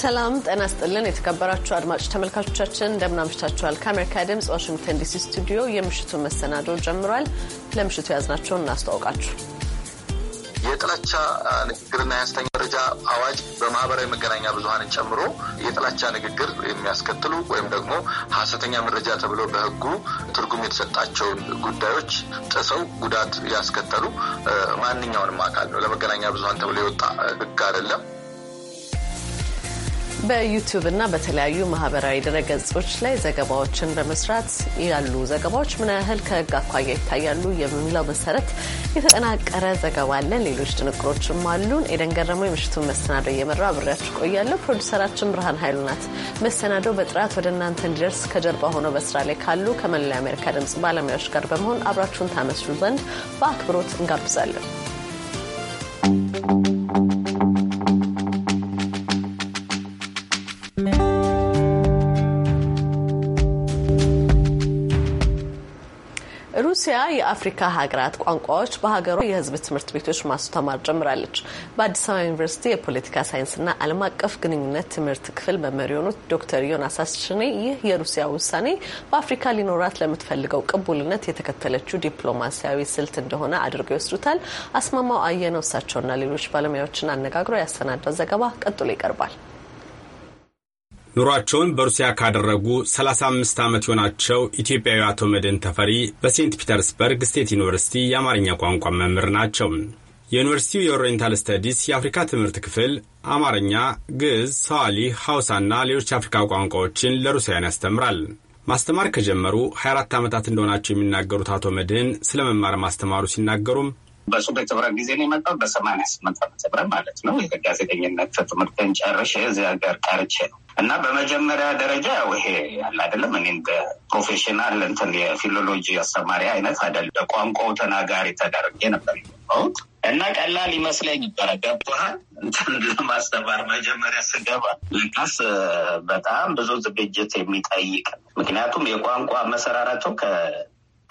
ሰላም ጤና ስጥልን። የተከበራችሁ አድማጭ ተመልካቾቻችን እንደምናምሽታችኋል። ከአሜሪካ ድምፅ ዋሽንግተን ዲሲ ስቱዲዮ የምሽቱ መሰናዶ ጀምሯል። ለምሽቱ የያዝናቸውን እናስተዋውቃችሁ። የጥላቻ ንግግርና የአነስተኛ ደረጃ አዋጅ በማህበራዊ መገናኛ ብዙኃንን ጨምሮ የጥላቻ ንግግር የሚያስከትሉ ወይም ደግሞ ሀሰተኛ መረጃ ተብሎ በሕጉ ትርጉም የተሰጣቸውን ጉዳዮች ጥሰው ጉዳት ያስከተሉ ማንኛውንም አካል ነው። ለመገናኛ ብዙኃን ተብሎ የወጣ ሕግ አይደለም። በዩቲዩብ እና በተለያዩ ማህበራዊ ድረገጾች ላይ ዘገባዎችን በመስራት ያሉ ዘገባዎች ምን ያህል ከህግ አኳያ ይታያሉ የሚለው መሰረት የተጠናቀረ ዘገባ አለን። ሌሎች ጥንቅሮችም አሉን። ኤደን ገረሞ የምሽቱን መሰናዶ እየመራ አብሬያችሁ ቆያለሁ። ፕሮዲሰራችን ብርሃን ኃይሉ ናት። መሰናዶ በጥራት ወደ እናንተ እንዲደርስ ከጀርባ ሆነው በስራ ላይ ካሉ ከመላው የአሜሪካ ድምጽ ባለሙያዎች ጋር በመሆን አብራችሁን ታመስሉ ዘንድ በአክብሮት እንጋብዛለን። ሩሲያ የአፍሪካ ሀገራት ቋንቋዎች በሀገሯ የህዝብ ትምህርት ቤቶች ማስተማር ጀምራለች። በአዲስ አበባ ዩኒቨርሲቲ የፖለቲካ ሳይንስና ዓለም አቀፍ ግንኙነት ትምህርት ክፍል መመሪ የሆኑት ዶክተር ዮናስ አስችኔ ይህ የሩሲያ ውሳኔ በአፍሪካ ሊኖራት ለምትፈልገው ቅቡልነት የተከተለችው ዲፕሎማሲያዊ ስልት እንደሆነ አድርገው ይወስዱታል። አስማማው አየነው እሳቸውና ሌሎች ባለሙያዎችን አነጋግሮ ያሰናዳው ዘገባ ቀጥሎ ይቀርባል። ኑሯቸውን በሩሲያ ካደረጉ 35 ዓመት የሆናቸው ኢትዮጵያዊ አቶ መድህን ተፈሪ በሴንት ፒተርስበርግ ስቴት ዩኒቨርሲቲ የአማርኛ ቋንቋ መምህር ናቸው። የዩኒቨርሲቲው የኦሪየንታል ስተዲስ የአፍሪካ ትምህርት ክፍል አማርኛ፣ ግዕዝ፣ ሰዋሊ፣ ሐውሳና ሌሎች የአፍሪካ ቋንቋዎችን ለሩሲያን ያስተምራል። ማስተማር ከጀመሩ 24 ዓመታት እንደሆናቸው የሚናገሩት አቶ መድህን ስለ መማር ማስተማሩ ሲናገሩም በሱ በተብራ ጊዜ ነው የመጣው በሰማንያ ስምንት ዓመተ ምህረት ማለት ነው። የጋዜጠኝነት ትምህርትን ጨርሼ እዚህ ሀገር ቀርቼ ነው እና በመጀመሪያ ደረጃ ያው ይሄ ያለ አይደለም እኔ እንደ ፕሮፌሽናል እንትን የፊሎሎጂ አስተማሪ አይነት አይደለም። በቋንቋው ተናጋሪ ተደርጌ ነበር እና ቀላል ይመስለኝ ነበረ። ገብቶሃል እንትን ለማስተማር መጀመሪያ ስገባ ልቃስ በጣም ብዙ ዝግጅት የሚጠይቅ ምክንያቱም የቋንቋ መሰራራቸው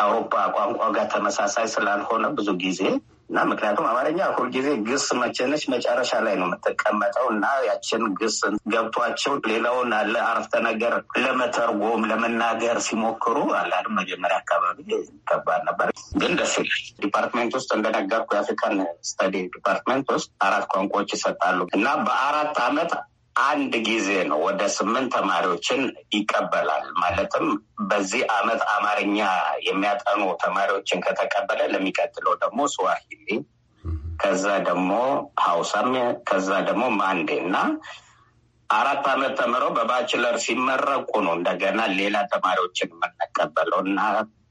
አውሮፓ ቋንቋ ጋር ተመሳሳይ ስላልሆነ ብዙ ጊዜ እና ምክንያቱም አማርኛ ሁልጊዜ ግስ መቸነች መጨረሻ ላይ ነው የምትቀመጠው እና ያችን ግስ ገብቷቸው ሌላውን አለ አረፍተ ነገር ለመተርጎም ለመናገር ሲሞክሩ አላድ መጀመሪያ አካባቢ ከባድ ነበር፣ ግን ደስ ይላል። ዲፓርትሜንት ውስጥ እንደነገርኩ የአፍሪካን ስተዲ ዲፓርትሜንት ውስጥ አራት ቋንቋዎች ይሰጣሉ እና በአራት አመት አንድ ጊዜ ነው ወደ ስምንት ተማሪዎችን ይቀበላል። ማለትም በዚህ አመት አማርኛ የሚያጠኑ ተማሪዎችን ከተቀበለ ለሚቀጥለው ደግሞ ስዋሂሊ፣ ከዛ ደግሞ ሀውሳም፣ ከዛ ደግሞ ማንዴ እና አራት አመት ተምረው በባችለር ሲመረቁ ነው እንደገና ሌላ ተማሪዎችን የምንቀበለው እና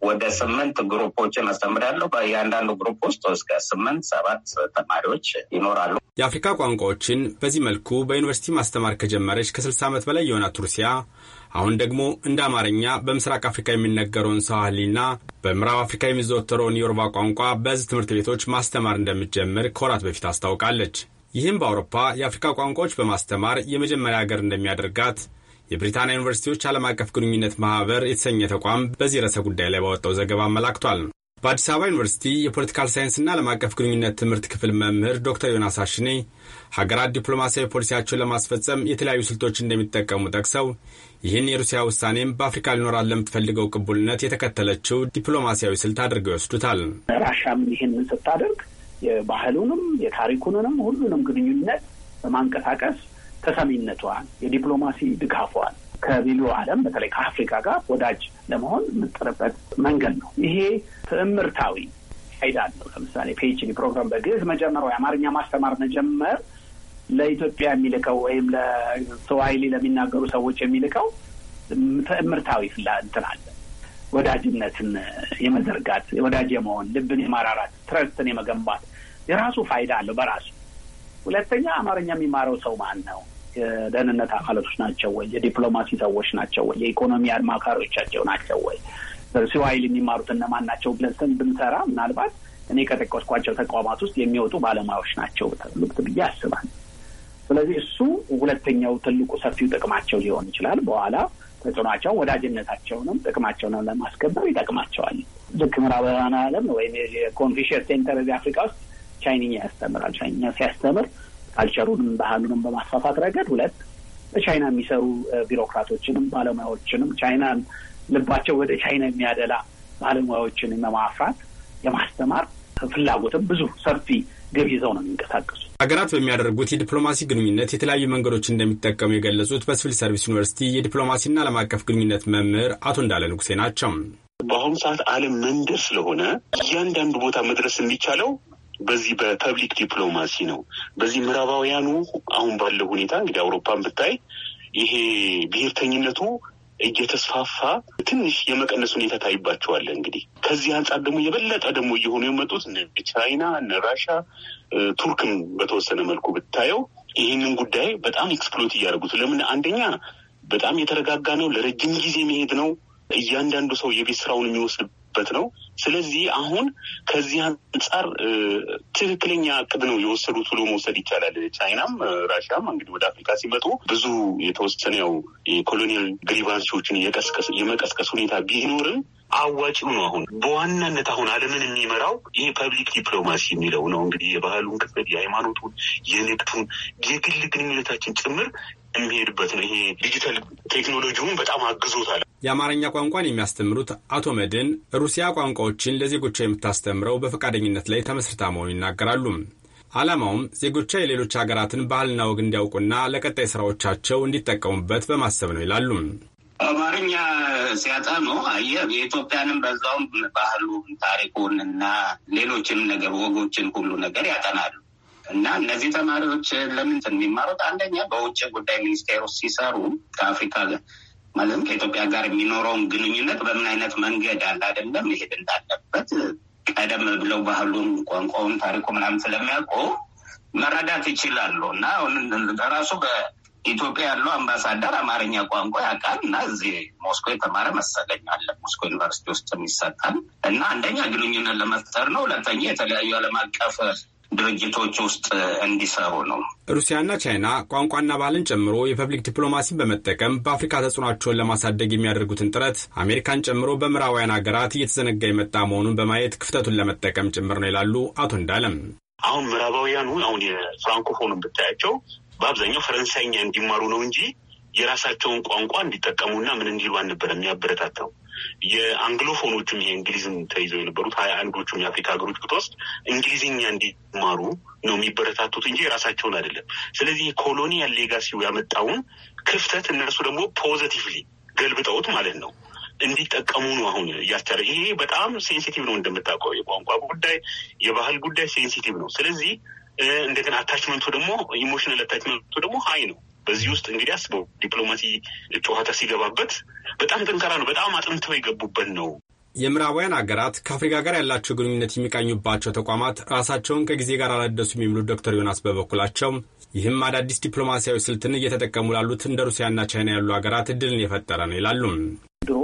ወደ ስምንት ግሩፖችን አስተምዳለሁ። በእያንዳንዱ ግሩፕ ውስጥ እስከ ስምንት ሰባት ተማሪዎች ይኖራሉ። የአፍሪካ ቋንቋዎችን በዚህ መልኩ በዩኒቨርሲቲ ማስተማር ከጀመረች ከስልሳ ዓመት በላይ የሆናት ሩሲያ አሁን ደግሞ እንደ አማርኛ በምስራቅ አፍሪካ የሚነገረውን ና በምዕራብ አፍሪካ የሚዘወተረውን የዮሩባ ቋንቋ በሕዝብ ትምህርት ቤቶች ማስተማር እንደምትጀምር ከወራት በፊት አስታውቃለች። ይህም በአውሮፓ የአፍሪካ ቋንቋዎች በማስተማር የመጀመሪያ ሀገር እንደሚያደርጋት የብሪታንያ ዩኒቨርሲቲዎች ዓለም አቀፍ ግንኙነት ማህበር የተሰኘ ተቋም በዚህ ርዕሰ ጉዳይ ላይ ባወጣው ዘገባ አመላክቷል። በአዲስ አበባ ዩኒቨርሲቲ የፖለቲካል ሳይንስና ዓለም አቀፍ ግንኙነት ትምህርት ክፍል መምህር ዶክተር ዮናስ አሽኔ ሀገራት ዲፕሎማሲያዊ ፖሊሲያቸውን ለማስፈጸም የተለያዩ ስልቶች እንደሚጠቀሙ ጠቅሰው ይህን የሩሲያ ውሳኔም በአፍሪካ ሊኖራት ለምትፈልገው ቅቡልነት የተከተለችው ዲፕሎማሲያዊ ስልት አድርገው ይወስዱታል። ራሻም ይህንን ስታደርግ የባህሉንም የታሪኩንንም ሁሉንም ግንኙነት በማንቀሳቀስ ተሰሚነቷን፣ የዲፕሎማሲ ድጋፏን ከሌሎ ዓለም በተለይ ከአፍሪካ ጋር ወዳጅ ለመሆን የምጥርበት መንገድ ነው። ይሄ ትምህርታዊ ፋይዳ አለው። ለምሳሌ ፒኤችዲ ፕሮግራም በግዕዝ መጀመር ወይ አማርኛ ማስተማር መጀመር ለኢትዮጵያ የሚልከው ወይም ለስዋሂሊ ለሚናገሩ ሰዎች የሚልከው ትዕምርታዊ ፍላ እንትን አለ ወዳጅነትን የመዘርጋት ወዳጅ የመሆን ልብን የማራራት ትረስትን የመገንባት የራሱ ፋይዳ አለው በራሱ ሁለተኛ አማርኛ የሚማረው ሰው ማን ነው የደህንነት አካላቶች ናቸው ወይ? የዲፕሎማሲ ሰዎች ናቸው ወይ? የኢኮኖሚ አማካሪዎቻቸው ናቸው ወይ? ሀይል የሚማሩት እነማን ናቸው ብለን ብንሰራ ምናልባት እኔ ከጠቀስኳቸው ተቋማት ውስጥ የሚወጡ ባለሙያዎች ናቸው ተብሎት ብዬ አስባል። ስለዚህ እሱ ሁለተኛው ትልቁ ሰፊው ጥቅማቸው ሊሆን ይችላል። በኋላ ተጽዕኗቸውን፣ ወዳጅነታቸውንም ጥቅማቸውንም ለማስከበር ይጠቅማቸዋል። ልክ ምዕራባውያን ዓለም ወይም የኮንፊሽየስ ሴንተር እዚህ አፍሪካ ውስጥ ቻይንኛ ያስተምራል። ቻይንኛ ሲያስተምር ካልቸሩንም ባህሉንም በማስፋፋት ረገድ ሁለት በቻይና የሚሰሩ ቢሮክራቶችንም ባለሙያዎችንም ቻይናን ልባቸው ወደ ቻይና የሚያደላ ባለሙያዎችን ለማፍራት የማስተማር ፍላጎትም ብዙ ሰፊ ግብ ይዘው ነው የሚንቀሳቀሱ። ሀገራት በሚያደርጉት የዲፕሎማሲ ግንኙነት የተለያዩ መንገዶች እንደሚጠቀሙ የገለጹት በሲቪል ሰርቪስ ዩኒቨርሲቲ የዲፕሎማሲና ዓለም አቀፍ ግንኙነት መምህር አቶ እንዳለ ንጉሴ ናቸው። በአሁኑ ሰዓት ዓለም መንደር ስለሆነ እያንዳንዱ ቦታ መድረስ የሚቻለው በዚህ በፐብሊክ ዲፕሎማሲ ነው። በዚህ ምዕራባውያኑ አሁን ባለው ሁኔታ እንግዲህ አውሮፓን ብታይ ይሄ ብሔርተኝነቱ እየተስፋፋ ትንሽ የመቀነስ ሁኔታ ታይባቸዋለ እንግዲህ ከዚህ አንጻር ደግሞ የበለጠ ደግሞ እየሆኑ የመጡት እነ ቻይና፣ እነ ራሻ፣ ቱርክም በተወሰነ መልኩ ብታየው ይህንን ጉዳይ በጣም ኤክስፕሎት እያደረጉት ለምን አንደኛ በጣም የተረጋጋ ነው፣ ለረጅም ጊዜ መሄድ ነው። እያንዳንዱ ሰው የቤት ስራውን የሚወስድ ያለንበት ነው። ስለዚህ አሁን ከዚህ አንጻር ትክክለኛ እቅድ ነው የወሰዱት ብሎ መውሰድ ይቻላል። ቻይናም ራሽያም እንግዲህ ወደ አፍሪካ ሲመጡ ብዙ የተወሰነ ያው የኮሎኒያል ግሪቫንሲዎችን የመቀስቀስ ሁኔታ ቢኖርም አዋጭው ነው። አሁን በዋናነት አሁን ዓለምን የሚመራው ይህ ፐብሊክ ዲፕሎማሲ የሚለው ነው። እንግዲህ የባህሉን ክፍል፣ የሃይማኖቱን፣ የንግቱን፣ የግል ግንኙነታችን ጭምር የሚሄድበት ነው። ይሄ ዲጂታል ቴክኖሎጂውን በጣም አግዞታል። የአማርኛ ቋንቋን የሚያስተምሩት አቶ መድን ሩሲያ ቋንቋዎችን ለዜጎቿ የምታስተምረው በፈቃደኝነት ላይ ተመስርታ መሆኑ ይናገራሉ። ዓላማውም ዜጎቿ የሌሎች ሀገራትን ባህልና ወግ እንዲያውቁና ለቀጣይ ስራዎቻቸው እንዲጠቀሙበት በማሰብ ነው ይላሉ። አማርኛ ሲያጠኑ አየ የኢትዮጵያንም በዛውም ባህሉን፣ ታሪኩን እና ሌሎችም ነገር ወጎችን ሁሉ ነገር ያጠናሉ። እና እነዚህ ተማሪዎች ለምን የሚማሩት አንደኛ በውጭ ጉዳይ ሚኒስቴር ውስጥ ሲሰሩ ከአፍሪካ ማለትም ከኢትዮጵያ ጋር የሚኖረውን ግንኙነት በምን አይነት መንገድ አለ አይደለም መሄድ እንዳለበት ቀደም ብለው ባህሉን፣ ቋንቋውን፣ ታሪኩ ምናምን ስለሚያውቁ መረዳት ይችላሉ እና ራሱ በኢትዮጵያ ያለው አምባሳደር አማርኛ ቋንቋ ያውቃል እና እዚህ ሞስኮ የተማረ መሰለኝ አለ ሞስኮ ዩኒቨርሲቲ ውስጥ ይሰጣል እና አንደኛ ግንኙነት ለመፍጠር ነው። ሁለተኛ የተለያዩ ዓለም አቀፍ ድርጅቶች ውስጥ እንዲሰሩ ነው። ሩሲያና ቻይና ቋንቋና ባህልን ጨምሮ የፐብሊክ ዲፕሎማሲን በመጠቀም በአፍሪካ ተጽዕኖቸውን ለማሳደግ የሚያደርጉትን ጥረት አሜሪካን ጨምሮ በምዕራባውያን ሀገራት እየተዘነጋ የመጣ መሆኑን በማየት ክፍተቱን ለመጠቀም ጭምር ነው ይላሉ አቶ እንዳለም። አሁን ምዕራባውያኑ አሁን የፍራንኮፎን ብታያቸው በአብዛኛው ፈረንሳይኛ እንዲማሩ ነው እንጂ የራሳቸውን ቋንቋ እንዲጠቀሙና ምን እንዲሉ አልነበረ የሚያበረታታው የአንግሎፎኖቹም ይሄ እንግሊዝን ተይዘው የነበሩት ሀያ አንዶቹም የአፍሪካ ሀገሮች ብትወስድ እንግሊዝኛ እንዲማሩ ነው የሚበረታቱት እንጂ የራሳቸውን አይደለም። ስለዚህ ኮሎኒያል ሌጋሲው ያመጣውን ክፍተት እነሱ ደግሞ ፖዘቲቭሊ ገልብጠውት ማለት ነው እንዲጠቀሙ ነው አሁን እያስቻለ። ይሄ በጣም ሴንሲቲቭ ነው እንደምታውቀው፣ የቋንቋ ጉዳይ፣ የባህል ጉዳይ ሴንሲቲቭ ነው። ስለዚህ እንደገና አታችመንቱ ደግሞ ኢሞሽናል አታችመንቱ ደግሞ ሀይ ነው። በዚህ ውስጥ እንግዲህ አስበው ዲፕሎማሲ ጨዋታ ሲገባበት በጣም ጠንከራ ነው። በጣም አጥንተው የገቡበት ነው። የምዕራባውያን ሀገራት ከአፍሪካ ጋር ያላቸው ግንኙነት የሚቃኙባቸው ተቋማት ራሳቸውን ከጊዜ ጋር አላደሱም የሚሉት ዶክተር ዮናስ በበኩላቸው ይህም አዳዲስ ዲፕሎማሲያዊ ስልትን እየተጠቀሙ ላሉት እንደ ሩሲያና ቻይና ያሉ ሀገራት እድልን የፈጠረ ነው ይላሉ። ድሮ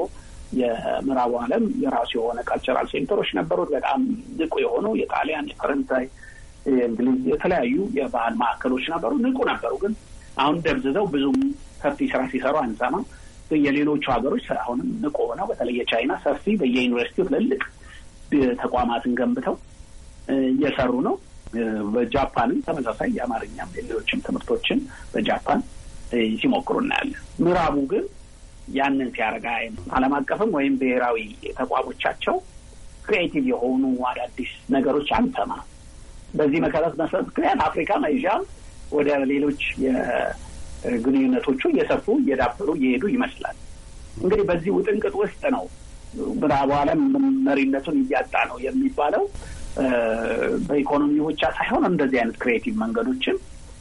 የምዕራቡ ዓለም የራሱ የሆነ ካልቸራል ሴንተሮች ነበሩት። በጣም ንቁ የሆኑ የጣሊያን፣ የፈረንሳይ፣ የእንግሊዝ የተለያዩ የባህል ማዕከሎች ነበሩ። ንቁ ነበሩ ግን አሁን ደብዝዘው ብዙም ሰፊ ስራ ሲሰሩ አንሰማ። የሌሎቹ ሀገሮች አሁንም ንቆ ሆነው በተለይ የቻይና ሰፊ በየዩኒቨርሲቲው ትልልቅ ተቋማትን ገንብተው እየሰሩ ነው። በጃፓንም ተመሳሳይ የአማርኛም የሌሎችም ትምህርቶችን በጃፓን ሲሞክሩ እናያለን። ምዕራቡ ግን ያንን ሲያደርግ ዓለም አቀፍም ወይም ብሔራዊ ተቋሞቻቸው ክሪኤቲቭ የሆኑ አዳዲስ ነገሮች አንሰማ። በዚህ መከረት መሰረት ምክንያት አፍሪካ፣ ኤዥያ ወደ ሌሎች የግንኙነቶቹ እየሰፉ እየዳበሩ እየሄዱ ይመስላል። እንግዲህ በዚህ ውጥንቅጥ ውስጥ ነው ምዕራቡ ዓለም መሪነቱን እያጣ ነው የሚባለው። በኢኮኖሚ ብቻ ሳይሆን እንደዚህ አይነት ክሬቲቭ መንገዶችን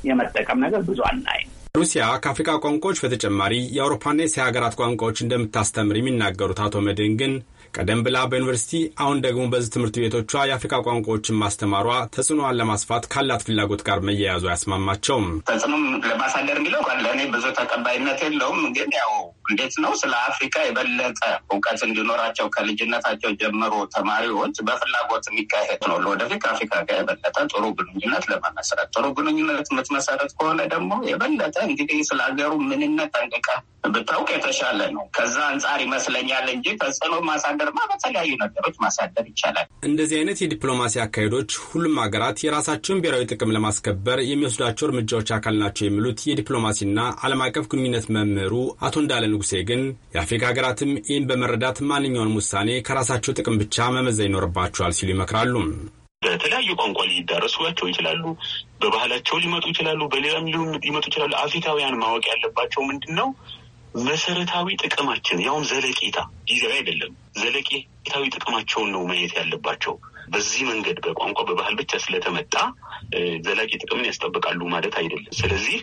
የመጠቀም ነገር ብዙ አናይ። ሩሲያ ከአፍሪካ ቋንቋዎች በተጨማሪ የአውሮፓና የእስያ ሀገራት ቋንቋዎች እንደምታስተምር የሚናገሩት አቶ መድን ግን ቀደም ብላ በዩኒቨርሲቲ አሁን ደግሞ በዚህ ትምህርት ቤቶቿ የአፍሪካ ቋንቋዎችን ማስተማሯ ተጽዕኖዋን ለማስፋት ካላት ፍላጎት ጋር መያያዙ አያስማማቸውም። ተጽዕኖም ለማሳደር የሚለው ለእኔ ብዙ ተቀባይነት የለውም ግን ያው እንዴት ነው ስለ አፍሪካ የበለጠ እውቀት እንዲኖራቸው ከልጅነታቸው ጀምሮ ተማሪዎች በፍላጎት የሚካሄድ ነው። ለወደፊት ከአፍሪካ ጋር የበለጠ ጥሩ ግንኙነት ለመመስረት ጥሩ ግንኙነት የምትመሰረት ከሆነ ደግሞ የበለጠ እንግዲህ ስለ ሀገሩ ምንነት ጠንቅቃ ብታውቅ የተሻለ ነው። ከዛ አንጻር ይመስለኛል እንጂ ተጽዕኖ ማሳደርማ በተለያዩ ነገሮች ማሳደር ይቻላል። እንደዚህ አይነት የዲፕሎማሲ አካሄዶች ሁሉም ሀገራት የራሳቸውን ብሔራዊ ጥቅም ለማስከበር የሚወስዷቸው እርምጃዎች አካል ናቸው የሚሉት የዲፕሎማሲና ዓለም አቀፍ ግንኙነት መምህሩ አቶ እንዳለን ንጉሴ ግን የአፍሪካ ሀገራትም ይህን በመረዳት ማንኛውንም ውሳኔ ከራሳቸው ጥቅም ብቻ መመዘን ይኖርባቸዋል ሲሉ ይመክራሉ። በተለያዩ ቋንቋ ሊዳረሱባቸው ይችላሉ። በባህላቸው ሊመጡ ይችላሉ። በሌላም ሊመጡ ይችላሉ። አፍሪካውያን ማወቅ ያለባቸው ምንድን ነው? መሰረታዊ ጥቅማችን ያውም ዘለቄታ ጊዜያዊ አይደለም፣ ዘለቄታዊ ጥቅማቸውን ነው ማየት ያለባቸው። በዚህ መንገድ በቋንቋ በባህል ብቻ ስለተመጣ ዘላቂ ጥቅምን ያስጠብቃሉ ማለት አይደለም። ስለዚህ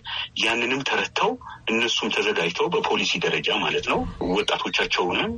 ያንንም ተረድተው እነሱም ተዘጋጅተው በፖሊሲ ደረጃ ማለት ነው ወጣቶቻቸውንም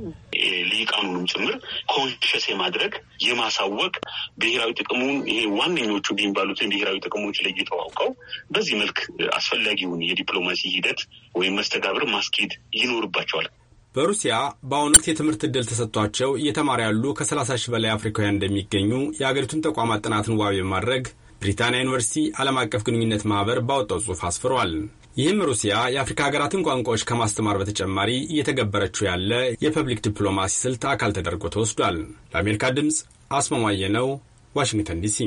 ልሂቃኑንም ጭምር ኮንሽስ የማድረግ የማሳወቅ ብሔራዊ ጥቅሙን ይሄ ዋነኞቹ የሚባሉትን ብሔራዊ ጥቅሞች ለይተው አውቀው በዚህ መልክ አስፈላጊውን የዲፕሎማሲ ሂደት ወይም መስተጋብር ማስኬድ ይኖርባቸዋል። በሩሲያ በአሁኑ ወቅት የትምህርት ዕድል ተሰጥቷቸው እየተማሩ ያሉ ከ30 ሺህ በላይ አፍሪካውያን እንደሚገኙ የአገሪቱን ተቋማት ጥናትን ዋቢ በማድረግ ብሪታንያ ዩኒቨርሲቲ ዓለም አቀፍ ግንኙነት ማኅበር ባወጣው ጽሑፍ አስፍሯል። ይህም ሩሲያ የአፍሪካ ሀገራትን ቋንቋዎች ከማስተማር በተጨማሪ እየተገበረችው ያለ የፐብሊክ ዲፕሎማሲ ስልት አካል ተደርጎ ተወስዷል። ለአሜሪካ ድምፅ አስማማየ ነው፣ ዋሽንግተን ዲሲ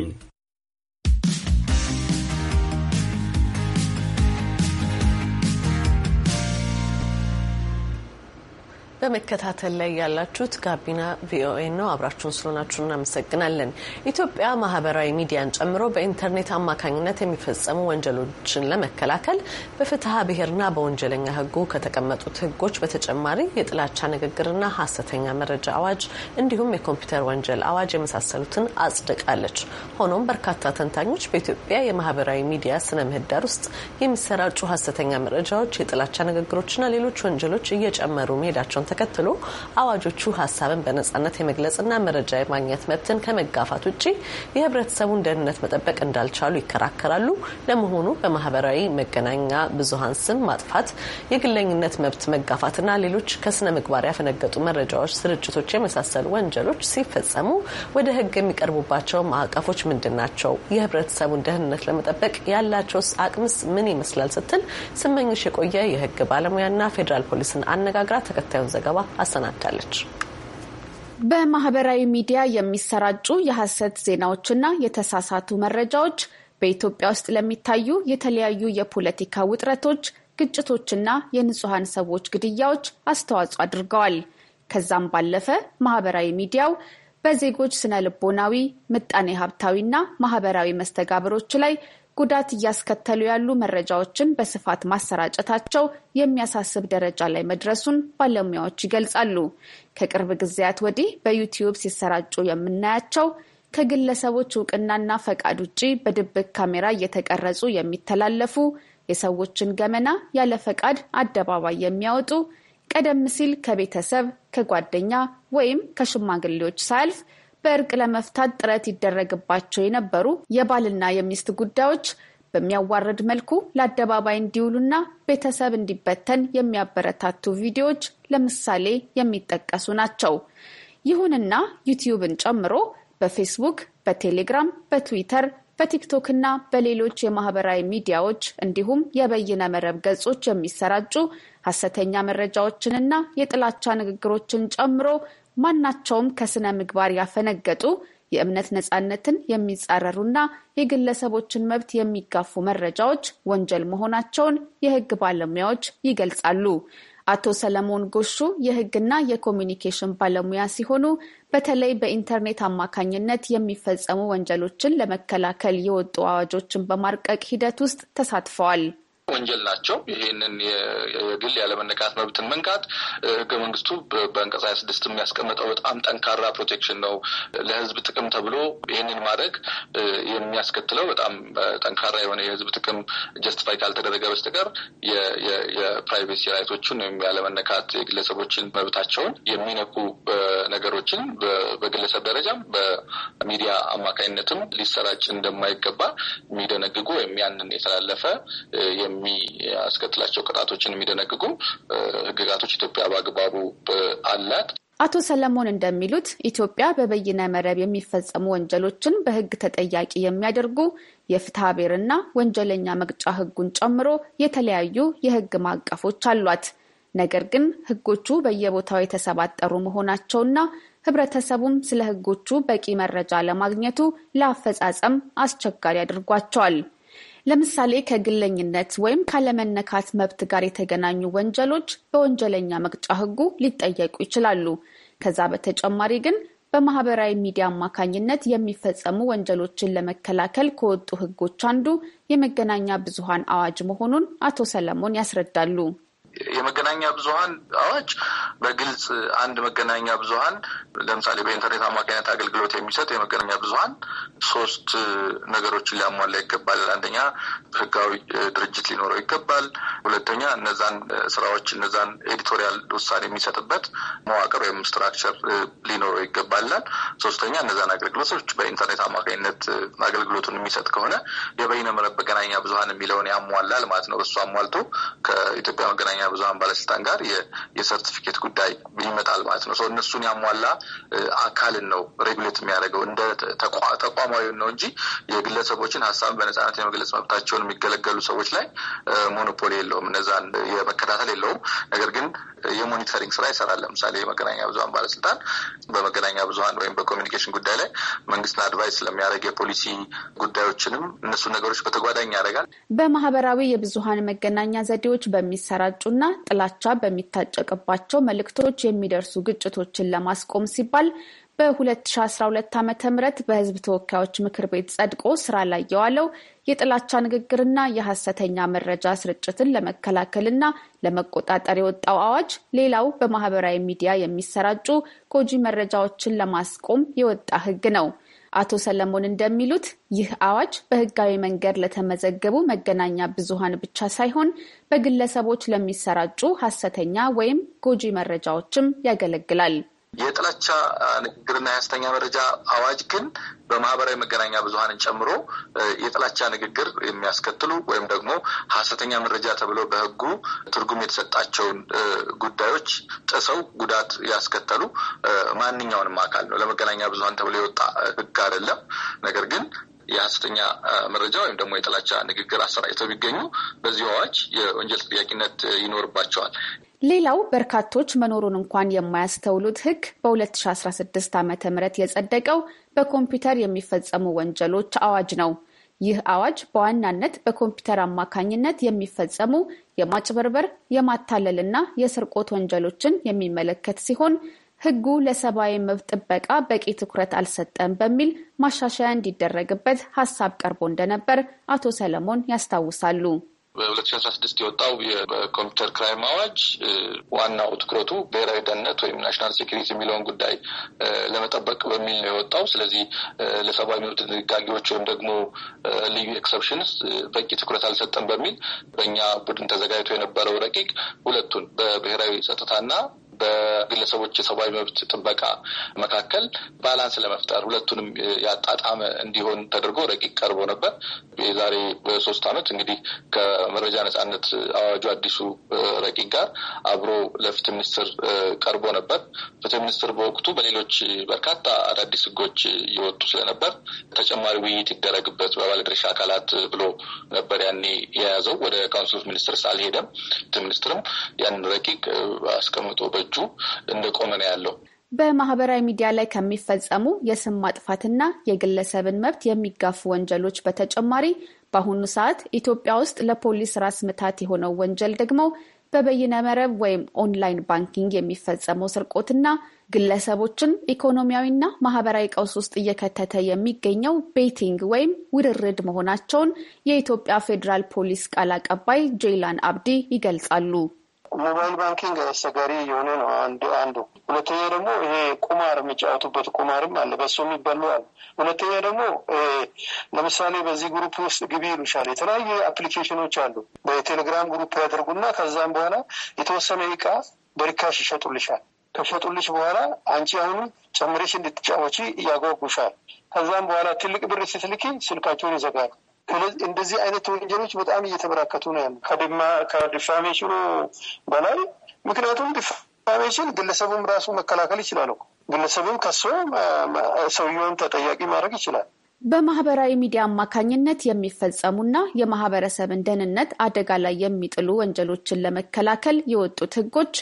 በመከታተል ላይ ያላችሁት ጋቢና ቪኦኤ ነው። አብራችሁን ስለሆናችሁ እናመሰግናለን። ኢትዮጵያ ማህበራዊ ሚዲያን ጨምሮ በኢንተርኔት አማካኝነት የሚፈጸሙ ወንጀሎችን ለመከላከል በፍትሀ ብሔርና በወንጀለኛ ሕጉ ከተቀመጡት ሕጎች በተጨማሪ የጥላቻ ንግግርና ሀሰተኛ መረጃ አዋጅ እንዲሁም የኮምፒውተር ወንጀል አዋጅ የመሳሰሉትን አጽድቃለች። ሆኖም በርካታ ተንታኞች በኢትዮጵያ የማህበራዊ ሚዲያ ስነ ምህዳር ውስጥ የሚሰራጩ ሀሰተኛ መረጃዎች፣ የጥላቻ ንግግሮችና ሌሎች ወንጀሎች እየጨመሩ መሄዳቸውን ተከትሎ አዋጆቹ ሀሳብን በነጻነት የመግለጽና መረጃ የማግኘት መብትን ከመጋፋት ውጭ የህብረተሰቡን ደህንነት መጠበቅ እንዳልቻሉ ይከራከራሉ። ለመሆኑ በማህበራዊ መገናኛ ብዙሀን ስም ማጥፋት፣ የግለኝነት መብት መጋፋትና ሌሎች ከስነ ምግባር ያፈነገጡ መረጃዎች፣ ስርጭቶች የመሳሰሉ ወንጀሎች ሲፈጸሙ ወደ ህግ የሚቀርቡባቸው ማዕቀፎች ምንድን ናቸው? የህብረተሰቡን ደህንነት ለመጠበቅ ያላቸው አቅምስ ምን ይመስላል? ስትል ስመኞች የቆየ የህግ ባለሙያና ፌዴራል ፖሊስን አነጋግራ ተከታዩን ዘ ዘገባ አሰናድታለች። በማህበራዊ ሚዲያ የሚሰራጩ የሐሰት ዜናዎችና የተሳሳቱ መረጃዎች በኢትዮጵያ ውስጥ ለሚታዩ የተለያዩ የፖለቲካ ውጥረቶች፣ ግጭቶችና የንጹሐን ሰዎች ግድያዎች አስተዋጽኦ አድርገዋል። ከዛም ባለፈ ማህበራዊ ሚዲያው በዜጎች ስነ ልቦናዊ፣ ምጣኔ ሀብታዊና ማህበራዊ መስተጋብሮች ላይ ጉዳት እያስከተሉ ያሉ መረጃዎችን በስፋት ማሰራጨታቸው የሚያሳስብ ደረጃ ላይ መድረሱን ባለሙያዎች ይገልጻሉ። ከቅርብ ጊዜያት ወዲህ በዩቲዩብ ሲሰራጩ የምናያቸው ከግለሰቦች እውቅናና ፈቃድ ውጪ በድብቅ ካሜራ እየተቀረጹ የሚተላለፉ የሰዎችን ገመና ያለ ፈቃድ አደባባይ የሚያወጡ ቀደም ሲል ከቤተሰብ ከጓደኛ ወይም ከሽማግሌዎች ሳያልፍ በእርቅ ለመፍታት ጥረት ይደረግባቸው የነበሩ የባልና የሚስት ጉዳዮች በሚያዋርድ መልኩ ለአደባባይ እንዲውሉና ቤተሰብ እንዲበተን የሚያበረታቱ ቪዲዮዎች ለምሳሌ የሚጠቀሱ ናቸው። ይሁንና ዩቲዩብን ጨምሮ በፌስቡክ፣ በቴሌግራም፣ በትዊተር፣ በቲክቶክ እና በሌሎች የማህበራዊ ሚዲያዎች እንዲሁም የበይነ መረብ ገጾች የሚሰራጩ ሀሰተኛ መረጃዎችንና የጥላቻ ንግግሮችን ጨምሮ ማናቸውም ከስነ ምግባር ያፈነገጡ የእምነት ነጻነትን የሚጻረሩና የግለሰቦችን መብት የሚጋፉ መረጃዎች ወንጀል መሆናቸውን የህግ ባለሙያዎች ይገልጻሉ። አቶ ሰለሞን ጎሹ የህግና የኮሚኒኬሽን ባለሙያ ሲሆኑ በተለይ በኢንተርኔት አማካኝነት የሚፈጸሙ ወንጀሎችን ለመከላከል የወጡ አዋጆችን በማርቀቅ ሂደት ውስጥ ተሳትፈዋል። ወንጀል ናቸው። ይሄንን የግል ያለመነካት መብትን መንካት ህገ መንግስቱ በአንቀጽ ሀያ ስድስት የሚያስቀምጠው በጣም ጠንካራ ፕሮቴክሽን ነው። ለህዝብ ጥቅም ተብሎ ይህንን ማድረግ የሚያስከትለው በጣም ጠንካራ የሆነ የህዝብ ጥቅም ጀስቲፋይ ካልተደረገ በስተቀር የፕራይቬሲ ራይቶችን ወይም ያለመነካት የግለሰቦችን መብታቸውን የሚነኩ ነገሮችን በግለሰብ ደረጃም በሚዲያ አማካኝነትም ሊሰራጭ እንደማይገባ የሚደነግጉ ወይም ያንን የተላለፈ የሚያስከትላቸው ቅጣቶችን የሚደነግጉ ህግጋቶች ኢትዮጵያ በአግባቡ አላት። አቶ ሰለሞን እንደሚሉት ኢትዮጵያ በበይነ መረብ የሚፈጸሙ ወንጀሎችን በህግ ተጠያቂ የሚያደርጉ የፍትሐ ብሔርና ወንጀለኛ መቅጫ ህጉን ጨምሮ የተለያዩ የህግ ማዕቀፎች አሏት። ነገር ግን ህጎቹ በየቦታው የተሰባጠሩ መሆናቸውና ህብረተሰቡም ስለ ህጎቹ በቂ መረጃ ለማግኘቱ ለአፈጻጸም አስቸጋሪ አድርጓቸዋል። ለምሳሌ ከግለኝነት ወይም ካለመነካት መብት ጋር የተገናኙ ወንጀሎች በወንጀለኛ መቅጫ ሕጉ ሊጠየቁ ይችላሉ። ከዛ በተጨማሪ ግን በማህበራዊ ሚዲያ አማካኝነት የሚፈጸሙ ወንጀሎችን ለመከላከል ከወጡ ሕጎች አንዱ የመገናኛ ብዙሃን አዋጅ መሆኑን አቶ ሰለሞን ያስረዳሉ። የመገናኛ ብዙሀን አዋጅ በግልጽ አንድ መገናኛ ብዙሀን ለምሳሌ በኢንተርኔት አማካኝነት አገልግሎት የሚሰጥ የመገናኛ ብዙሀን ሶስት ነገሮችን ሊያሟላ ይገባል። አንደኛ ህጋዊ ድርጅት ሊኖረው ይገባል። ሁለተኛ እነዛን ስራዎች እነዛን ኤዲቶሪያል ውሳኔ የሚሰጥበት መዋቅር ወይም ስትራክቸር ሊኖረው ይገባላል። ሶስተኛ እነዛን አገልግሎቶች በኢንተርኔት አማካኝነት አገልግሎቱን የሚሰጥ ከሆነ የበይነ መረብ መገናኛ ብዙሀን የሚለውን ያሟላል ማለት ነው። እሱ አሟልቶ ከኢትዮጵያ መገናኛ መገናኛ ብዙሀን ባለስልጣን ጋር የሰርቲፊኬት ጉዳይ ይመጣል ማለት ነው። እነሱን ያሟላ አካልን ነው ሬጉሌት የሚያደርገው እንደ ተቋማዊን ነው እንጂ የግለሰቦችን ሀሳብን በነጻነት የመግለጽ መብታቸውን የሚገለገሉ ሰዎች ላይ ሞኖፖሊ የለውም፣ እነዛን የመከታተል የለውም። ነገር ግን የሞኒተሪንግ ስራ ይሰራል። ለምሳሌ የመገናኛ ብዙሀን ባለስልጣን በመገናኛ ብዙሀን ወይም በኮሚኒኬሽን ጉዳይ ላይ መንግስትን አድቫይስ ስለሚያደርግ የፖሊሲ ጉዳዮችንም እነሱ ነገሮች በተጓዳኝ ያደርጋል። በማህበራዊ የብዙሀን መገናኛ ዘዴዎች በሚሰራጩና ጥላቻ በሚታጨቅባቸው መልእክቶች የሚደርሱ ግጭቶችን ለማስቆም ሲባል በ2012 ዓ ም በህዝብ ተወካዮች ምክር ቤት ጸድቆ ስራ ላይ የዋለው የጥላቻ ንግግርና የሐሰተኛ መረጃ ስርጭትን ለመከላከልና ለመቆጣጠር የወጣው አዋጅ ሌላው በማህበራዊ ሚዲያ የሚሰራጩ ጎጂ መረጃዎችን ለማስቆም የወጣ ህግ ነው። አቶ ሰለሞን እንደሚሉት ይህ አዋጅ በህጋዊ መንገድ ለተመዘገቡ መገናኛ ብዙሃን ብቻ ሳይሆን በግለሰቦች ለሚሰራጩ ሐሰተኛ ወይም ጎጂ መረጃዎችም ያገለግላል። የጥላቻ ንግግርና የሐሰተኛ መረጃ አዋጅ ግን በማህበራዊ መገናኛ ብዙሀንን ጨምሮ የጥላቻ ንግግር የሚያስከትሉ ወይም ደግሞ ሐሰተኛ መረጃ ተብሎ በህጉ ትርጉም የተሰጣቸውን ጉዳዮች ጥሰው ጉዳት ያስከተሉ ማንኛውንም አካል ነው። ለመገናኛ ብዙሀን ተብሎ የወጣ ህግ አይደለም። ነገር ግን የሐሰተኛ መረጃ ወይም ደግሞ የጥላቻ ንግግር አሰራጭተው ቢገኙ በዚህ አዋጅ የወንጀል ተጠያቂነት ይኖርባቸዋል። ሌላው በርካቶች መኖሩን እንኳን የማያስተውሉት ሕግ በ2016 ዓ ም የጸደቀው በኮምፒውተር የሚፈጸሙ ወንጀሎች አዋጅ ነው። ይህ አዋጅ በዋናነት በኮምፒውተር አማካኝነት የሚፈጸሙ የማጭበርበር፣ የማታለልና የስርቆት ወንጀሎችን የሚመለከት ሲሆን ህጉ ለሰብአዊ መብት ጥበቃ በቂ ትኩረት አልሰጠም በሚል ማሻሻያ እንዲደረግበት ሀሳብ ቀርቦ እንደነበር አቶ ሰለሞን ያስታውሳሉ። በ2016 የወጣው የኮምፒውተር ክራይም አዋጅ ዋናው ትኩረቱ ብሔራዊ ደህንነት ወይም ናሽናል ሴኪሪቲ የሚለውን ጉዳይ ለመጠበቅ በሚል ነው የወጣው። ስለዚህ ለሰብአዊ መብት ድንጋጌዎች ወይም ደግሞ ልዩ ኤክሰፕሽንስ በቂ ትኩረት አልሰጠም በሚል በእኛ ቡድን ተዘጋጅቶ የነበረው ረቂቅ ሁለቱን በብሔራዊ ጸጥታና በግለሰቦች የሰብአዊ መብት ጥበቃ መካከል ባላንስ ለመፍጠር ሁለቱንም ያጣጣመ እንዲሆን ተደርጎ ረቂቅ ቀርቦ ነበር። የዛሬ ሶስት ዓመት እንግዲህ ከመረጃ ነጻነት አዋጁ አዲሱ ረቂቅ ጋር አብሮ ለፍትህ ሚኒስትር ቀርቦ ነበር። ፍትህ ሚኒስትር በወቅቱ በሌሎች በርካታ አዳዲስ ህጎች እየወጡ ስለነበር ተጨማሪ ውይይት ይደረግበት በባለድርሻ አካላት ብሎ ነበር ያኔ የያዘው። ወደ ካውንስል ሚኒስትርስ አልሄደም። ፍትህ ሚኒስትርም ያንን ረቂቅ አስቀምጦ በእጁ እንደቆመ ነው ያለው። በማህበራዊ ሚዲያ ላይ ከሚፈጸሙ የስም ማጥፋትና የግለሰብን መብት የሚጋፉ ወንጀሎች በተጨማሪ በአሁኑ ሰዓት ኢትዮጵያ ውስጥ ለፖሊስ ራስ ምታት የሆነው ወንጀል ደግሞ በበይነ መረብ ወይም ኦንላይን ባንኪንግ የሚፈጸመው ስርቆትና ግለሰቦችን ኢኮኖሚያዊና ማህበራዊ ቀውስ ውስጥ እየከተተ የሚገኘው ቤቲንግ ወይም ውርርድ መሆናቸውን የኢትዮጵያ ፌዴራል ፖሊስ ቃል አቀባይ ጄይላን አብዲ ይገልጻሉ። ሞባይል ባንኪንግ ሰገሪ የሆነ ነው አንዱ አንዱ። ሁለተኛ ደግሞ ይሄ ቁማር የሚጫወቱበት ቁማርም አለ፣ በሱ የሚበሉ አለ። ሁለተኛ ደግሞ ለምሳሌ በዚህ ግሩፕ ውስጥ ግቢ ይሉሻል። የተለያዩ አፕሊኬሽኖች አሉ። በቴሌግራም ግሩፕ ያደርጉና ከዛም በኋላ የተወሰነ እቃ በሪካሽ ይሸጡልሻል። ከሸጡልሽ በኋላ አንቺ አሁኑ ጨምሬሽ እንድትጫወቺ እያጓጉሻል። ከዛም በኋላ ትልቅ ብር ስትልኪ ስልካቸውን ይዘጋሉ። እንደዚህ አይነት ወንጀሎች በጣም እየተበራከቱ ነው ያሉ ከዲፋሜሽኑ በላይ ምክንያቱም ዲፋሜሽን ግለሰቡም ራሱ መከላከል ይችላል። ግለሰቡም ከሶ ሰውየውን ተጠያቂ ማድረግ ይችላል። በማህበራዊ ሚዲያ አማካኝነት የሚፈጸሙና የማህበረሰብን ደህንነት አደጋ ላይ የሚጥሉ ወንጀሎችን ለመከላከል የወጡት ህጎች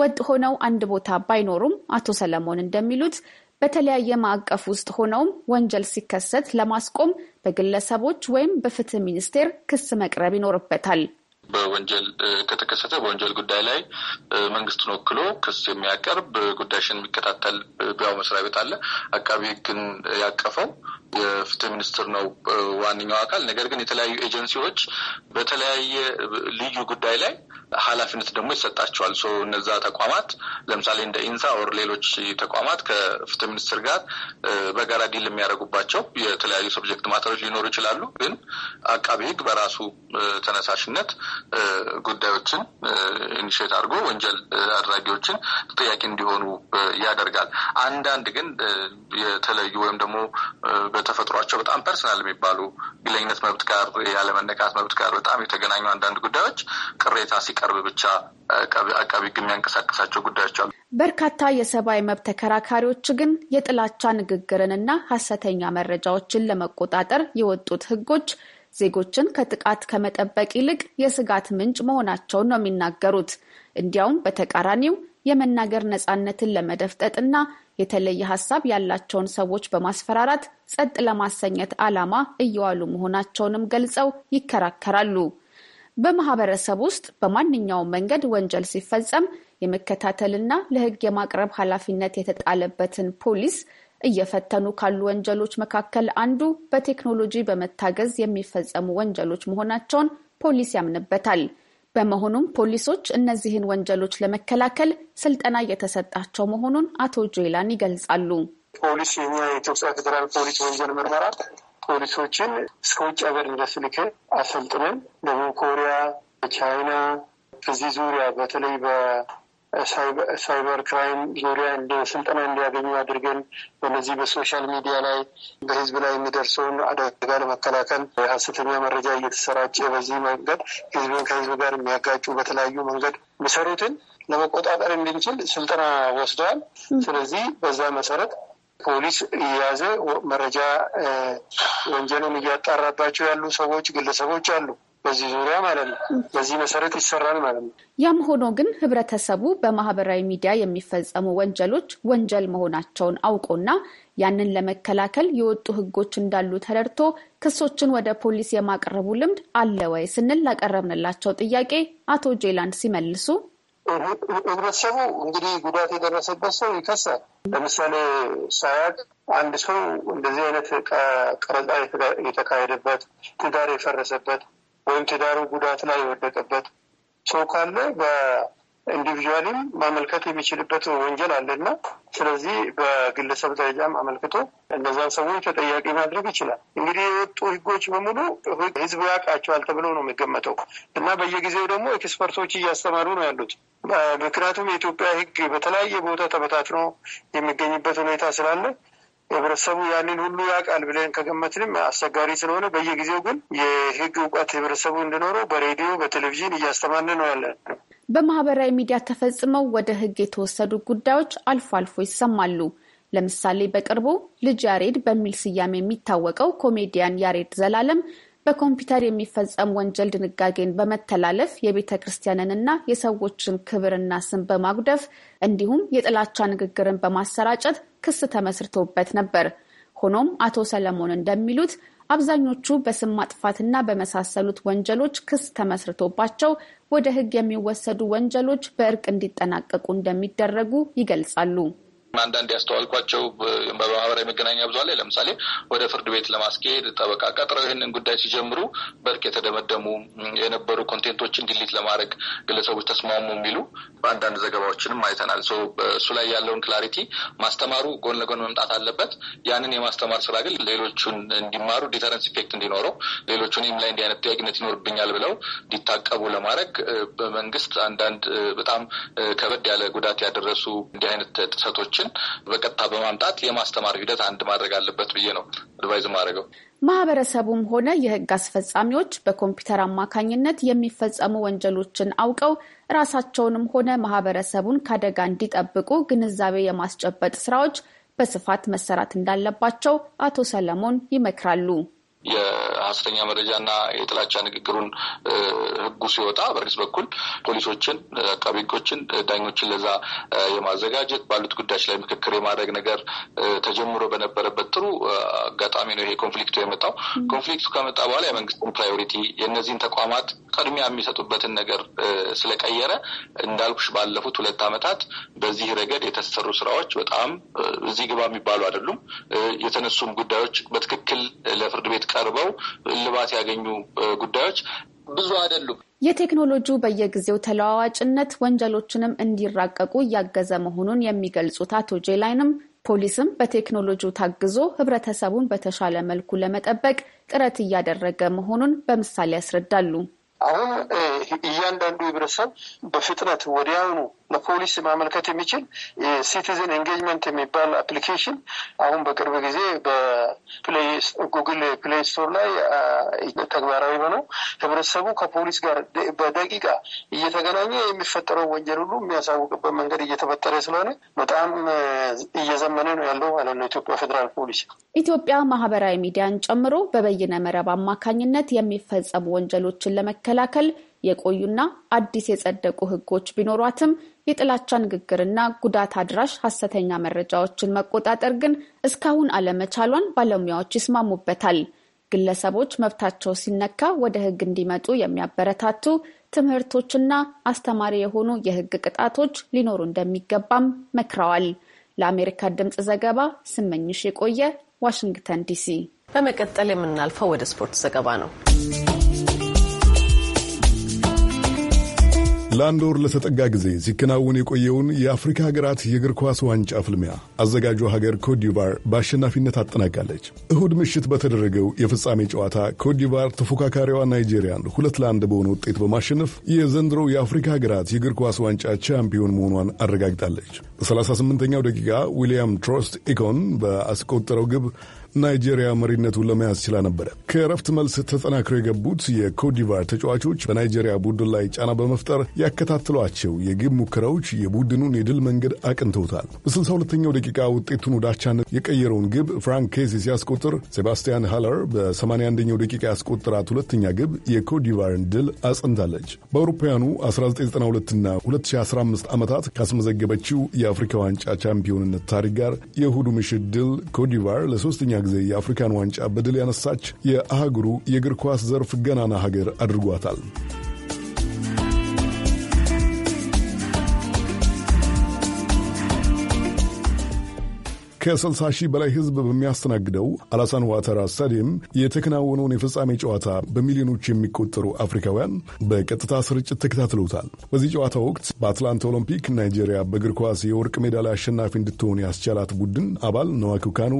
ወጥ ሆነው አንድ ቦታ ባይኖሩም አቶ ሰለሞን እንደሚሉት በተለያየ ማዕቀፍ ውስጥ ሆነውም ወንጀል ሲከሰት ለማስቆም በግለሰቦች ወይም በፍትህ ሚኒስቴር ክስ መቅረብ ይኖርበታል። በወንጀል ከተከሰተ በወንጀል ጉዳይ ላይ መንግስትን ወክሎ ክስ የሚያቀርብ ጉዳይሽን የሚከታተል ቢያው መስሪያ ቤት አለ። አቃቢ ህግን ያቀፈው የፍትህ ሚኒስትር ነው ዋነኛው አካል። ነገር ግን የተለያዩ ኤጀንሲዎች በተለያየ ልዩ ጉዳይ ላይ ኃላፊነት ደግሞ ይሰጣቸዋል። ሶ እነዛ ተቋማት ለምሳሌ እንደ ኢንሳ ወር ሌሎች ተቋማት ከፍትህ ሚኒስትር ጋር በጋራ ዲል የሚያደርጉባቸው የተለያዩ ሰብጀክት ማተሮች ሊኖሩ ይችላሉ። ግን አቃቢ ህግ በራሱ ተነሳሽነት ጉዳዮችን ኢኒሽት አድርጎ ወንጀል አድራጊዎችን ተጠያቂ እንዲሆኑ ያደርጋል። አንዳንድ ግን የተለዩ ወይም ደግሞ በተፈጥሯቸው በጣም ፐርሰናል የሚባሉ ግለኝነት መብት ጋር ያለመነካት መብት ጋር በጣም የተገናኙ አንዳንድ ጉዳዮች ቅሬታ ሲቀርብ ብቻ አቃቢ ሕግ የሚያንቀሳቀሳቸው ጉዳዮች አሉ። በርካታ የሰብአዊ መብት ተከራካሪዎች ግን የጥላቻ ንግግርንና ሀሰተኛ መረጃዎችን ለመቆጣጠር የወጡት ህጎች ዜጎችን ከጥቃት ከመጠበቅ ይልቅ የስጋት ምንጭ መሆናቸውን ነው የሚናገሩት። እንዲያውም በተቃራኒው የመናገር ነፃነትን ለመደፍጠጥና የተለየ ሀሳብ ያላቸውን ሰዎች በማስፈራራት ጸጥ ለማሰኘት ዓላማ እየዋሉ መሆናቸውንም ገልጸው ይከራከራሉ። በማህበረሰብ ውስጥ በማንኛውም መንገድ ወንጀል ሲፈጸም የመከታተልና ለሕግ የማቅረብ ኃላፊነት የተጣለበትን ፖሊስ እየፈተኑ ካሉ ወንጀሎች መካከል አንዱ በቴክኖሎጂ በመታገዝ የሚፈጸሙ ወንጀሎች መሆናቸውን ፖሊስ ያምንበታል። በመሆኑም ፖሊሶች እነዚህን ወንጀሎች ለመከላከል ስልጠና እየተሰጣቸው መሆኑን አቶ ጆይላን ይገልጻሉ። ፖሊስ የኛ የኢትዮጵያ ፌዴራል ፖሊስ ወንጀል ምርመራ ፖሊሶችን እስከ ውጭ ሀገር ድረስ ልከን አሰልጥነን ደቡብ ኮሪያ፣ ቻይና እዚህ ዙሪያ በተለይ ሳይበር ክራይም ዙሪያ እንደ ስልጠና እንዲያገኙ አድርገን በነዚህ በሶሻል ሚዲያ ላይ በህዝብ ላይ የሚደርሰውን አደጋ ለመከላከል ሀሰተኛ መረጃ እየተሰራጨ በዚህ መንገድ ህዝብን ከህዝብ ጋር የሚያጋጩ በተለያዩ መንገድ የሚሰሩትን ለመቆጣጠር እንድንችል ስልጠና ወስደዋል። ስለዚህ በዛ መሰረት ፖሊስ እየያዘ መረጃ ወንጀልን እያጣራባቸው ያሉ ሰዎች ግለሰቦች አሉ። በዚህ ዙሪያ ማለት ነው። በዚህ መሰረት ይሰራል ማለት ነው። ያም ሆኖ ግን ህብረተሰቡ በማህበራዊ ሚዲያ የሚፈጸሙ ወንጀሎች ወንጀል መሆናቸውን አውቆና ያንን ለመከላከል የወጡ ህጎች እንዳሉ ተረድቶ ክሶችን ወደ ፖሊስ የማቅረቡ ልምድ አለ ወይ ስንል ላቀረብንላቸው ጥያቄ አቶ ጄላንድ ሲመልሱ ህብረተሰቡ እንግዲህ ጉዳት የደረሰበት ሰው ይከሳል። ለምሳሌ ሳያቅ አንድ ሰው እንደዚህ አይነት ቀረጻ የተካሄደበት ትዳር የፈረሰበት ወይም ትዳሩ ጉዳት ላይ የወደቀበት ሰው ካለ በኢንዲቪዥዋልም ማመልከት የሚችልበት ወንጀል አለና ስለዚህ በግለሰብ ደረጃም አመልክቶ እነዛን ሰዎች ተጠያቂ ማድረግ ይችላል። እንግዲህ የወጡ ህጎች በሙሉ ህዝቡ ያውቃቸዋል ተብሎ ነው የሚገመተው እና በየጊዜው ደግሞ ኤክስፐርቶች እያስተማሩ ነው ያሉት። ምክንያቱም የኢትዮጵያ ህግ በተለያየ ቦታ ተበታትኖ የሚገኝበት ሁኔታ ስላለ ህብረተሰቡ ያንን ሁሉ ያውቃል ብለን ከገመትንም አስቸጋሪ ስለሆነ በየጊዜው ግን የህግ እውቀት ህብረተሰቡ እንዲኖረው በሬዲዮ በቴሌቪዥን እያስተማን ነው ያለን። በማህበራዊ ሚዲያ ተፈጽመው ወደ ህግ የተወሰዱ ጉዳዮች አልፎ አልፎ ይሰማሉ። ለምሳሌ በቅርቡ ልጅ ያሬድ በሚል ስያሜ የሚታወቀው ኮሜዲያን ያሬድ ዘላለም በኮምፒውተር የሚፈጸም ወንጀል ድንጋጌን በመተላለፍ የቤተ ክርስቲያንንና የሰዎችን ክብርና ስም በማጉደፍ እንዲሁም የጥላቻ ንግግርን በማሰራጨት ክስ ተመስርቶበት ነበር። ሆኖም አቶ ሰለሞን እንደሚሉት አብዛኞቹ በስም ማጥፋትና በመሳሰሉት ወንጀሎች ክስ ተመስርቶባቸው ወደ ሕግ የሚወሰዱ ወንጀሎች በእርቅ እንዲጠናቀቁ እንደሚደረጉ ይገልጻሉ። አንዳንድ ያስተዋልኳቸው በማህበራዊ መገናኛ ብዙ ላይ ለምሳሌ ወደ ፍርድ ቤት ለማስኬድ ጠበቃ ቀጥረው ይህንን ጉዳይ ሲጀምሩ በርቅ የተደመደሙ የነበሩ ኮንቴንቶችን ዲሊት ለማድረግ ግለሰቦች ተስማሙ የሚሉ አንዳንድ ዘገባዎችንም አይተናል። እሱ ላይ ያለውን ክላሪቲ ማስተማሩ ጎን ለጎን መምጣት አለበት። ያንን የማስተማር ስራ ግን ሌሎቹን እንዲማሩ ዲተረንስ ኢፌክት እንዲኖረው ሌሎቹን ይህም ላይ እንዲህ አይነት ጥያቄነት ይኖርብኛል ብለው እንዲታቀቡ ለማድረግ በመንግስት አንዳንድ በጣም ከበድ ያለ ጉዳት ያደረሱ እንዲህ አይነት ጥሰቶች ነገሮችን በቀጥታ በማምጣት የማስተማር ሂደት አንድ ማድረግ አለበት ብዬ ነው አድቫይዝ ማድረገው። ማህበረሰቡም ሆነ የህግ አስፈጻሚዎች በኮምፒውተር አማካኝነት የሚፈጸሙ ወንጀሎችን አውቀው ራሳቸውንም ሆነ ማህበረሰቡን ከአደጋ እንዲጠብቁ ግንዛቤ የማስጨበጥ ስራዎች በስፋት መሰራት እንዳለባቸው አቶ ሰለሞን ይመክራሉ። የሀሰተኛ መረጃና የጥላቻ ንግግሩን ህጉ ሲወጣ በርግስ በኩል ፖሊሶችን፣ አቃቢ ህጎችን፣ ዳኞችን ለዛ የማዘጋጀት ባሉት ጉዳዮች ላይ ምክክር የማድረግ ነገር ተጀምሮ በነበረበት ጥሩ አጋጣሚ ነው ይሄ ኮንፍሊክቱ የመጣው። ኮንፍሊክቱ ከመጣ በኋላ የመንግስትን ፕራዮሪቲ የእነዚህን ተቋማት ቅድሚያ የሚሰጡበትን ነገር ስለቀየረ እንዳልኩሽ ባለፉት ሁለት ዓመታት በዚህ ረገድ የተሰሩ ስራዎች በጣም እዚህ ግባ የሚባሉ አይደሉም። የተነሱም ጉዳዮች በትክክል ለፍርድ ቤት ቀርበው እልባት ያገኙ ጉዳዮች ብዙ አይደሉም። የቴክኖሎጂው በየጊዜው ተለዋዋጭነት ወንጀሎችንም እንዲራቀቁ እያገዘ መሆኑን የሚገልጹት አቶ ጄላይንም ፖሊስም በቴክኖሎጂው ታግዞ ህብረተሰቡን በተሻለ መልኩ ለመጠበቅ ጥረት እያደረገ መሆኑን በምሳሌ ያስረዳሉ። አሁን እያንዳንዱ ህብረተሰብ በፍጥነት ወዲያውኑ ለፖሊስ ማመልከት የሚችል የሲቲዝን ኤንጌጅመንት የሚባል አፕሊኬሽን አሁን በቅርብ ጊዜ በጉግል ፕሌይ ስቶር ላይ ተግባራዊ ሆነው ህብረተሰቡ ከፖሊስ ጋር በደቂቃ እየተገናኘ የሚፈጠረው ወንጀል ሁሉ የሚያሳውቅበት መንገድ እየተፈጠረ ስለሆነ በጣም እየዘመነ ነው ያለው ማለት ነው ኢትዮጵያ ፌዴራል ፖሊስ። ኢትዮጵያ ማህበራዊ ሚዲያን ጨምሮ በበይነ መረብ አማካኝነት የሚፈጸሙ ወንጀሎችን ለመከላከል የቆዩና አዲስ የጸደቁ ህጎች ቢኖሯትም የጥላቻ ንግግርና ጉዳት አድራሽ ሀሰተኛ መረጃዎችን መቆጣጠር ግን እስካሁን አለመቻሏን ባለሙያዎች ይስማሙበታል። ግለሰቦች መብታቸው ሲነካ ወደ ሕግ እንዲመጡ የሚያበረታቱ ትምህርቶችና አስተማሪ የሆኑ የሕግ ቅጣቶች ሊኖሩ እንደሚገባም መክረዋል። ለአሜሪካ ድምፅ ዘገባ ስመኝሽ የቆየ ዋሽንግተን ዲሲ። በመቀጠል የምናልፈው ወደ ስፖርት ዘገባ ነው። ለአንድ ወር ለተጠጋ ጊዜ ሲከናወን የቆየውን የአፍሪካ ሀገራት የእግር ኳስ ዋንጫ ፍልሚያ አዘጋጁ ሀገር ኮትዲቫር በአሸናፊነት አጠናቃለች። እሁድ ምሽት በተደረገው የፍጻሜ ጨዋታ ኮትዲቫር ተፎካካሪዋ ናይጄሪያን ሁለት ለአንድ በሆነ ውጤት በማሸነፍ የዘንድሮው የአፍሪካ ሀገራት የእግር ኳስ ዋንጫ ቻምፒዮን መሆኗን አረጋግጣለች። በ38ኛው ደቂቃ ዊልያም ትሮስት ኢኮን በአስቆጠረው ግብ ናይጄሪያ መሪነቱን ለመያዝ ችላ ነበረ። ከእረፍት መልስ ተጠናክሮ የገቡት የኮዲቫር ተጫዋቾች በናይጄሪያ ቡድን ላይ ጫና በመፍጠር ያከታትሏቸው የግብ ሙከራዎች የቡድኑን የድል መንገድ አቅንተውታል። 62 ኛው ደቂቃ ውጤቱን ወደ አቻነት የቀየረውን ግብ ፍራንክ ኬሲ ሲያስቆጥር፣ ሴባስቲያን ሃለር በ81ኛው ደቂቃ ያስቆጠራት ሁለተኛ ግብ የኮዲቫርን ድል አጽንታለች። በአውሮፓውያኑ 1992ና 2015 ዓመታት ካስመዘገበችው የአፍሪካ ዋንጫ ቻምፒዮንነት ታሪክ ጋር የእሁዱ ምሽት ድል ኮትዲቫር ለሶስተኛ ጊዜ የአፍሪካን ዋንጫ በድል ያነሳች የአህጉሩ የእግር ኳስ ዘርፍ ገናና ሀገር አድርጓታል። ከ60 ሺህ በላይ ህዝብ በሚያስተናግደው አላሳን ዋተራ ስታዲየም የተከናወነውን የፍጻሜ ጨዋታ በሚሊዮኖች የሚቆጠሩ አፍሪካውያን በቀጥታ ስርጭት ተከታትለውታል። በዚህ ጨዋታ ወቅት በአትላንታ ኦሎምፒክ ናይጄሪያ በእግር ኳስ የወርቅ ሜዳሊያ አሸናፊ እንድትሆን ያስቻላት ቡድን አባል ነዋኪው ካኑ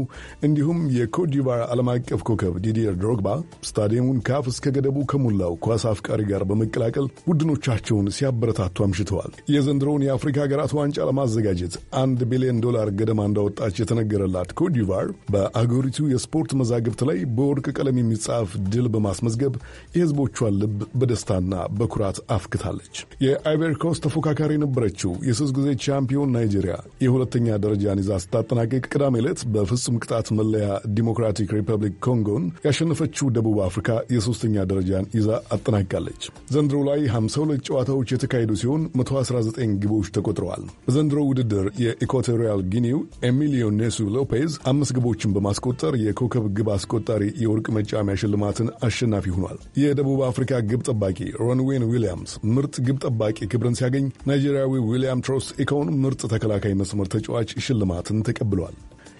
እንዲሁም የኮዲቫር ዓለም አቀፍ ኮከብ ዲዲየር ድሮግባ ስታዲየሙን ካፍ እስከ ገደቡ ከሞላው ኳስ አፍቃሪ ጋር በመቀላቀል ቡድኖቻቸውን ሲያበረታቱ አምሽተዋል። የዘንድሮውን የአፍሪካ ሀገራት ዋንጫ ለማዘጋጀት አንድ ቢሊዮን ዶላር ገደማ እንዳወጣች የተነገረላት ኮትዲቫር በአገሪቱ የስፖርት መዛግብት ላይ በወርቅ ቀለም የሚጻፍ ድል በማስመዝገብ የህዝቦቿን ልብ በደስታና በኩራት አፍክታለች። የአይቨርኮስ ተፎካካሪ የነበረችው የሶስት ጊዜ ቻምፒዮን ናይጄሪያ የሁለተኛ ደረጃን ይዛ ስታጠናቀቅ ቅዳሜ ዕለት በፍጹም ቅጣት መለያ ዲሞክራቲክ ሪፐብሊክ ኮንጎን ያሸነፈችው ደቡብ አፍሪካ የሶስተኛ ደረጃን ይዛ አጠናቃለች። ዘንድሮ ላይ 52 ጨዋታዎች የተካሄዱ ሲሆን 119 ግቦች ተቆጥረዋል። በዘንድሮ ውድድር የኢኳቶሪያል ጊኒው ኤሚሊዮን ኔሱ ሎፔዝ አምስት ግቦችን በማስቆጠር የኮከብ ግብ አስቆጣሪ የወርቅ መጫሚያ ሽልማትን አሸናፊ ሆኗል። የደቡብ አፍሪካ ግብ ጠባቂ ሮንዌን ዊሊያምስ ምርጥ ግብ ጠባቂ ክብርን ሲያገኝ ናይጄሪያዊ ዊሊያም ትሮስ ኢኮን ምርጥ ተከላካይ መስመር ተጫዋች ሽልማትን ተቀብሏል።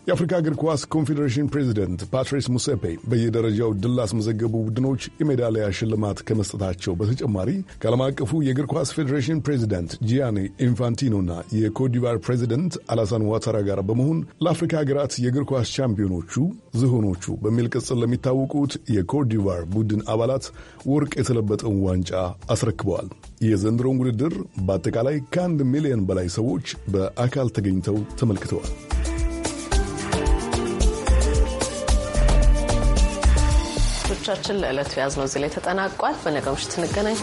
የአፍሪካ እግር ኳስ ኮንፌዴሬሽን ፕሬዚደንት ፓትሪስ ሙሴፔ በየደረጃው ድል ላስመዘገቡ ቡድኖች የሜዳሊያ ሽልማት ከመስጠታቸው በተጨማሪ ከዓለም አቀፉ የእግር ኳስ ፌዴሬሽን ፕሬዚደንት ጂያኔ ኢንፋንቲኖና የኮዲቫር ፕሬዚደንት አላሳን ዋታራ ጋር በመሆን ለአፍሪካ ሀገራት የእግር ኳስ ቻምፒዮኖቹ ዝሆኖቹ በሚል ቅጽል ለሚታወቁት የኮትዲቫር ቡድን አባላት ወርቅ የተለበጠውን ዋንጫ አስረክበዋል። የዘንድሮውን ውድድር በአጠቃላይ ከአንድ ሚሊዮን በላይ ሰዎች በአካል ተገኝተው ተመልክተዋል። ዝግጅቶቻችን ለዕለቱ የያዝነው እዚህ ላይ ተጠናቋል። በነገው ምሽት እንገናኝ።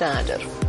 ደህና እደሩ።